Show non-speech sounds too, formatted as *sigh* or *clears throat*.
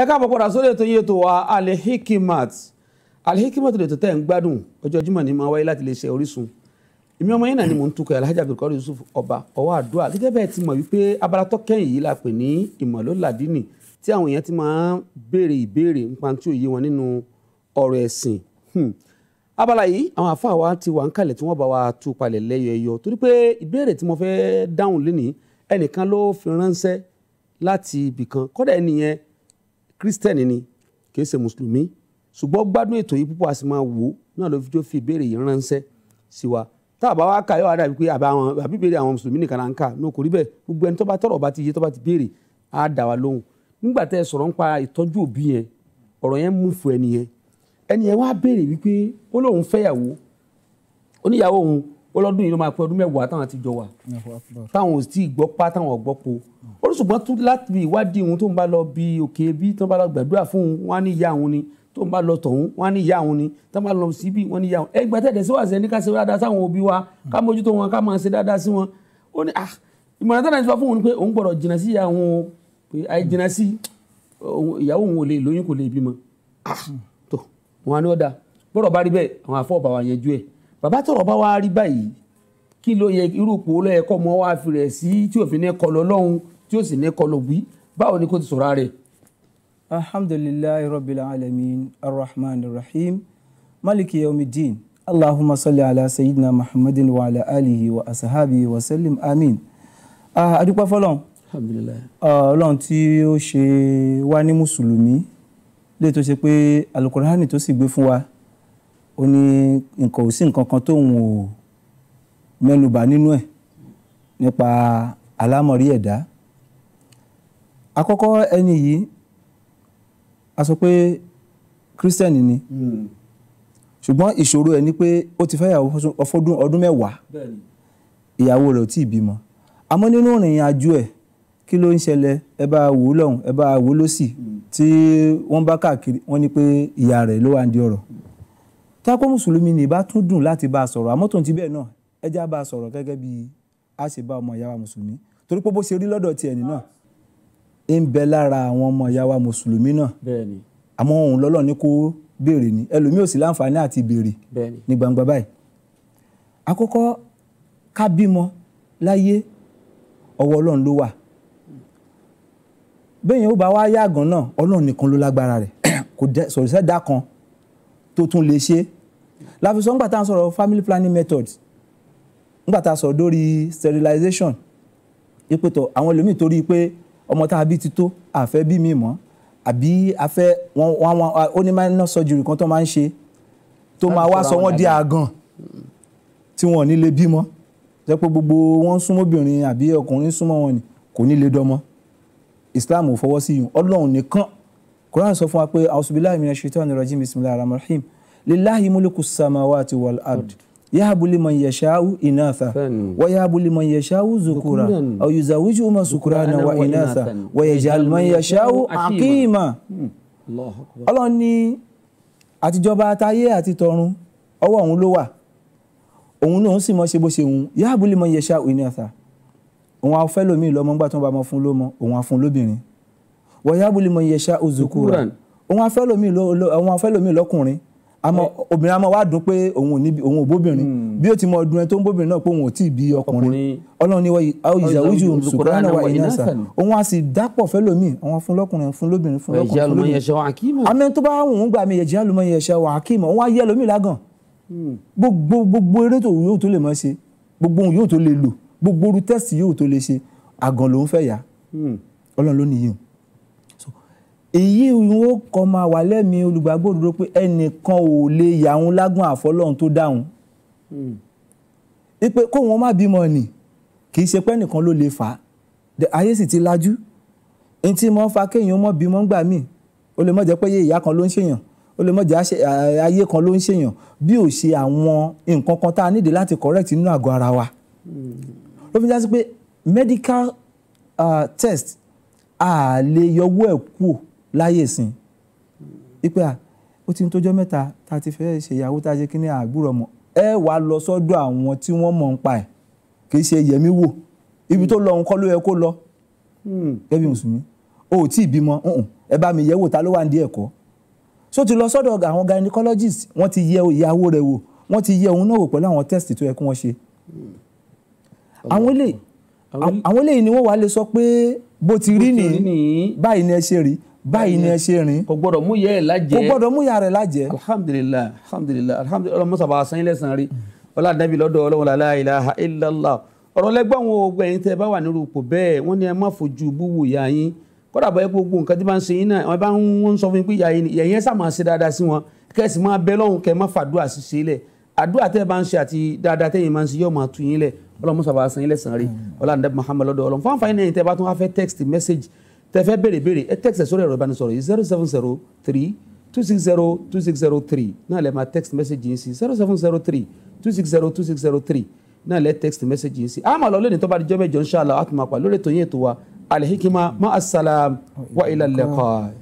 ẹ káàbọ̀ padà sórí ètò yìí ètò wa Al-Hikmat Al-Hikmat lè tó tẹ̀ ń gbádùn ọjọ́ Jímọ̀ ni máa wáyé láti lè ṣe Orísun èmi ọmọ yín náà ni mò ń tukọ̀ Alhaji Abdulkadir Yusuf Ọba ọwọ́ àdúrà gẹ́gẹ́ bẹ́ẹ̀ ti mọ̀ wípé abala kẹ́yìn yìí la pè ní ìmọ̀lódàdínì tí àwọn èèyàn ti máa ń béèrè ìbéèrè nípa tí ò yé wọn nínú ọ̀rọ̀ ẹ̀sìn hmm. abala yìí àwọn àfáà wa ti wà ń kalẹ̀ tí wọ́n bá wa tú palẹ̀ lẹ́yọ ẹyọ torí pé ìbéèrè tí mo fẹ́ dáhùn lénìí ẹnìkan ló fi ránṣẹ́ láti ibì kọ́dà ẹnìyẹn kírísítẹ̀nì ni kì í ṣe mùsùlùmí ṣùgbọ́n gbádùn ètò yìí púpọ̀ a máa wò ó náà ló fi jó fi ìbéèrè yìí ránṣẹ́ sí wa tá a bá wá kà yóò wá dàbí pé àbí béèrè àwọn mùsùlùmí nìkan là ń kà ní òkò rí bẹ́ẹ̀ gbogbo ẹni tó bá tọrọ bá ti yé tó bá ti béèrè á dà wá lóhùn nígbà tẹ́ ẹ sọ̀rọ̀ nípa ìtọ́jú òbí yẹn ọ̀rọ̀ yẹn mú fún ẹni yẹn ẹni yẹn wá béèrè wípé ó lóun fẹ́yàwó oníyàwó òun ó lọ́dún yìí ló máa pẹ́ ọdún mẹ́wàá táwọn ti jọ wà táwọn ò tí ì gbọ́ pa táwọn po ó ní ṣùgbọ́n tún láti ìwádìí òun tó ń bá lọ bí òkè bí tó ń bá lọ gbàdúrà fún òun wọn á ní ìyá òun ni tó ń bá lọ tọ̀hún wọn á ní ìyá òun ni tó ń bá lọ síbí wọn ní ìyá òun ẹgbẹ́ tẹ̀dẹ̀ sí wàṣẹ ní ká ṣe dáadáa sáwọn òbí wa ká mójútó wọn ká máa ṣe dáadáa sí wọn ó ní ah ìmọ̀ràn tẹ́lẹ̀ sọ fún òun pé òun gbọ́dọ̀ jìnnà sí ìyá òun o pé àì jìnnà sí ìyàwó òun ò lè lóyún kò lè bímọ ah tó wọn á ní ọ̀dà bọ́rọ̀ bá rí bẹ́ẹ̀ àwọn tí ó sì ní kọlù wí báwo ni kò ti sọ̀rọ̀ rẹ̀. alhamdulilayi rabbil alamin arrahman arrahim maliki yawmiddin allahumma salli ala sayyidina muhammadin wa ala alihi wa asahabi wa sallim amin. a dúpẹ́ fọlọ́n ọlọ́run tí ó ṣe wá ní mùsùlùmí lè tó ṣe pé alukurani tó sì gbé fún wa ó ní nǹkan ò sí nǹkan kan tóun ò mẹ́nubà nínú ẹ̀ nípa alámọ̀rí ẹ̀dá àkọ́kọ́ ẹni yìí a sọ pé christian ni hmm. ṣùgbọ́n ìṣòro ẹ̀ ni pé ó ti fẹ́yàwó ọfọdún ọdún mẹ́wàá ìyàwó rẹ̀ ò tí ì bímọ àmọ́ nínú ìrìn àjò ẹ̀ kí ló ń ṣẹlẹ̀ ẹ bá wò ó lọ́hùn ẹ bá wò ó lọ́sì hmm. tí wọ́n bá káàkiri wọ́n ní pé ìyá rẹ̀ ló wà ń di ọ̀rọ̀ tákó mùsùlùmí ni ìbá tún dùn láti bá a sọ̀rọ̀ àmọ́ tòun ti bẹ́ẹ̀ náà ẹ já bá a sọ̀rọ̀ gẹ́gẹ́ bí a ṣe bá ọmọ ìyá wa mùsùlùmí torí pé bó ṣe rí lọ́dọ̀ tiẹ̀ nínú náà ń bẹ lára àwọn ọmọ ìyá wa mùsùlùmí náà àmọ́ òun lọ́lọ́ ní kó béèrè ni ẹlòmíì ò sì láǹfààní àti béèrè ní gbangba báyìí àkọ́kọ́ ká bímọ láyé ọwọ́ ọlọ́run ló wà bẹ́ẹ̀ yẹn ó bá wá yàgàn náà ọlọ́run nìkan ló lágbára rẹ̀ *clears throat* kò sọ̀rọ̀ sẹ́dá kan tó tún lè ṣe láfi ńgbà tá à ń family planning methods ńgbà tá a sọ̀rọ̀ lórí sterilization ìpètò àwọn ẹlòmíì torí pé ọmọ tá a bí ti tó àfẹ́ bí mi mọ́ àbí afẹ́ wọn wọn ó ní minor surgery kan tó máa ń ṣe tó máa wá sọ wọ́n di àgàn tí wọn ò ní lè bímọ jẹ́ pé gbogbo wọn súnmọ́ obìnrin àbí ọkùnrin súnmọ́ wọn ni kò ní lè dọ́mọ Islam ò fọwọ́ sí yìí Ọlọ́run nìkan Quran sọ fún wa pé auzubillahi minash shaitani rajim bismillahir rahmanir rahim lillahi mulku samawati wal ard. Mm -hmm yahabu liman yasha'u inatha wa yahabu liman yasha'u zukura aw yuzawijuhuma sukurana wa inatha wa yaj'al man yasha'u aqima. ọlọ́run ní àtijọba àtayé àti tọ̀run ọwọ́ òun ló wà òun lòun sì mọ ṣe bó ṣe òun yahabu liman yasha'u inatha òun afẹ́ lomi lọ́mọ ńgbà tó ń bá ọmọ fún lọ́mọ òun afún lóbìnrin wa yahabu liman yasha'u zukura òun afẹ́ lomi lọ́kùnrin àmọ́ obìnrin àmọ́ wá dùn pé òun ò ní òun ò bóbìnrin hmm. bí ó ti mọ ọdún ẹ tó ń bóbìnrin náà pé òun ò tí ì bí ọkùnrin Ọlọ́run ni ìyàwójú sùkúránà wà iná sà òun á sì dápọ̀ fẹ́lòmíì àwọn fún lọ́kùnrin fún lóbìnrin fún lọ́kùnrin fún lóbìnrin àmì tó bá wù ú gbà mí ẹ̀jẹ̀ àlùmọ̀ yẹn ṣe wà kí mọ̀ òun á yẹ lómìn lágàn hmm. gbogbo gbogbo eré tó yóò tó lè mọ̀ ṣe gbogbo òun yóò tó lè lò gbogbo orú tẹ́sì yóò tó lè ṣe àgàn lòún fẹ́ yá hmm. Ọlọ́run ló nìyí èyí ni ó kàn máa wà lẹ́mìí olùgbàgbọ́ òdodo pé ẹnìkan ò lè yà wọn lágùn àfọlọ́run tó dáhùn ipe hmm. kó wọn má bímọ nì kì í ṣe pé ẹnìkan ló lè fà á ayé sì ti lajú n tí mo ń fa kéèyàn mọ́ bímọ ńgbà míì ó lè mọ̀ jẹ́ pé iye ìyá kan ló ń ṣèyàn ó lè mọ̀ jẹ́ ayé kan ló ń ṣèyàn bí ò ṣe àwọn nǹkan kan tá a nídìí láti correct nínú àgọ́ ara wa ló hmm. fi já sí pé medical uh, test a lè yọwọ́ ẹ̀ kúò láyè sìn ipe à ó ti ń tójọ́ mẹ́ta tá a ti fẹ́ ṣèyàwó tá a ṣe kíní àgbúrò mọ́ ẹ wàá lọ sọ́dọ̀ àwọn tí wọ́n mọ̀ ń pa ẹ̀ kì í ṣe yẹ̀mí wò ibi tó lọ nǹkan ló yẹ kó lọ hmm. gẹ́bí mùsùlùmí o ò tí ì bímọ ẹ bá mi yẹ̀ wò ta ló wà ní ẹ̀kọ́ so ti lọ sọ́dọ̀ àwọn gynecologist wọ́n ti yẹ ìyàwó rẹ̀ wò wọ́n ti yẹ òun náà wò pẹ̀lú àwọn test tó yẹ kí wọ́n ṣe hmm. àwọn eléyìí ni wọ́n wàá lè sọ pé bó ti rí nìyí báyìí ni ẹ ṣe rí báyìí ni ẹ ṣe rìn. kò gbọdọ̀ mú yẹ ẹ lájẹ. kò gbọdọ̀ mú yà rẹ lájẹ. alhamdulilayi alhamdulilayi alhamdulilayi ọlọmọ sábà sanyí lẹsan rí ọlá àdàbí lọ́dọ̀ Ọlọ́run la ilaha illallah ọ̀rọ̀ lẹgbọn wo gbẹ yín tẹ bá wà nírú ipò bẹ́ẹ̀ wọn ni ẹ má fojú búwo yà yín kódà bọ ẹ gbogbo nǹkan tí bá ń ṣe yín náà wọn bá ń sọ fún yín pé yà yín yà yín sá máa ṣe dáadáa sí wọn kẹsì máa bẹ lọ́hùn kẹ má fàdúrà sí ṣe lẹ àdúrà tẹ bá ń ṣe àti dáadáa tẹyìn máa ń ṣe yóò máa tu yín lẹ ọlọmọ sábà sanyí lẹsan rí ọlá àdàbí Muhammad lọ́dọ̀ Ọlọ́run fáwọn fáwọn tẹ bá tún wá fẹ́ text message tẹ́fẹ́ béèrè béèrè ẹ text sórí ẹ̀rọ ìbánisọ̀rọ̀ yìí zero seven zero three two six zero two six zero three náà lẹ́ẹ̀ máa text message yìí sí zero seven zero three two six zero two six zero three náà lẹ́ẹ̀ text message yìí sí. àmọ́ lọ́lẹ́ ní tó bá di jọ́ mẹ́jọ inshallah àtúmọ̀ àpà lórí ètò yẹn ètò wa Al Hikmat ma assalam wa ila liqa.